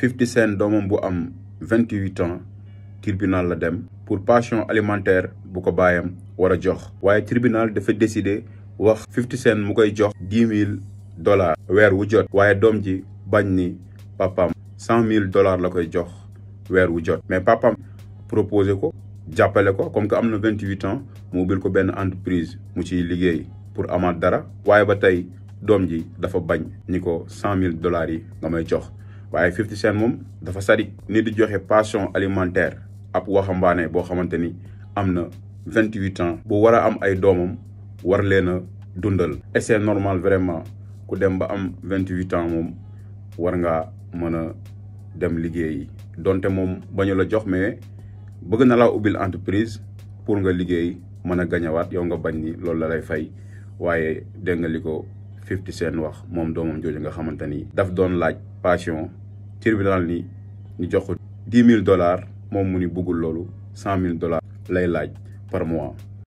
Fifty Cent doomam bu am vingt huit ans tribunal la dem pour pension alimentaire bu ko baayam war jox waaye tribunal dafa décider wax Fifty Cent mu koy jox dix mille dollars weer wu jot waaye doom ji bañ ni papaam cent mille dollars la koy jox weer wu jot mais papam proposé ko jàppale ko comme que am na vingt huit ans mu ubbil ko benn entreprise mu ciy liggéey pour amaat dara waaye ba tey doom ji dafa bañ ni ko cent mille dollars yi nga may jox waaye 50 Cent moom dafa sari ni di joxe passion alimentaire ab waxambaane boo xamante ni am na 28 ans bu war a am ay doomam war leen a dundal et normal vraiment ku dem ba am 28 ans moom war ngaa mën a dem liggéeyi donte moom bañu la jox mais bëgg na la ubbil entreprise pour nga liggéey mën a gañawaat yow nga bañ ni loolu la lay fay waaye dégg nga li ko 50 Cent wax moom doomam jooju nga xamante ni daf doon laaj passion tribunal ni ñu jox ko dix mille dollars moom mu ni buggul loolu cent mille dollars lay laaj par mois